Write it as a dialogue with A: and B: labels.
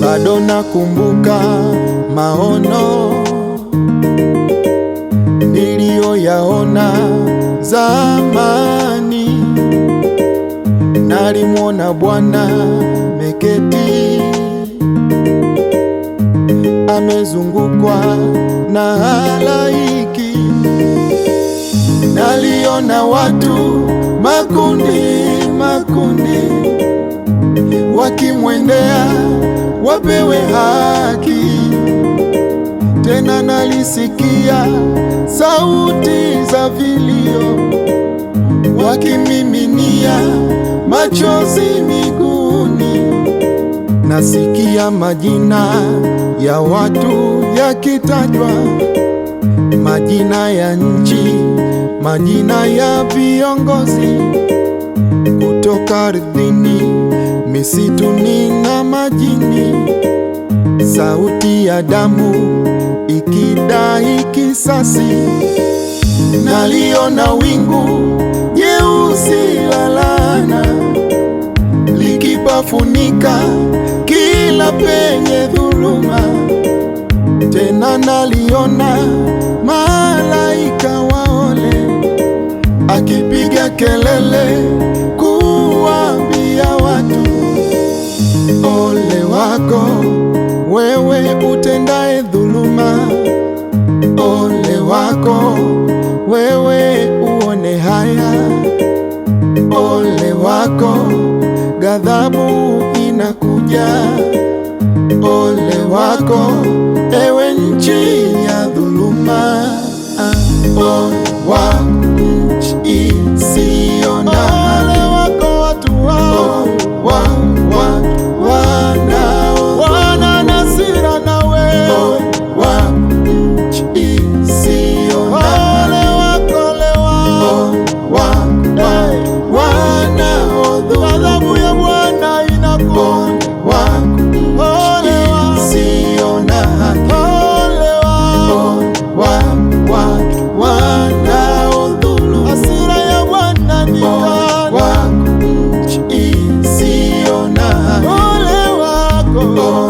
A: Bado nakumbuka maono niliyoyaona zamani, nalimwona Bwana meketi, amezungukwa na halaiki. Naliona watu makundi makundi, wakimwendea wapewe haki. Tena nalisikia sauti za vilio, wakimiminia machozi miguuni. Nasikia majina ya watu yakitajwa, majina ya nchi, majina ya viongozi kutoka ardhini, misituni na majini sauti ya damu ikidai kisasi. Naliona wingu jeusi la laana likipafunika kila penye dhuluma. Tena naliona malaika waole akipiga kelele utendaye dhuluma, ole wako wewe uone haya, ole wako ghadhabu inakuja, ole wako ewe nchi ya dhuluma,
B: ah, ole wako nchi Oh.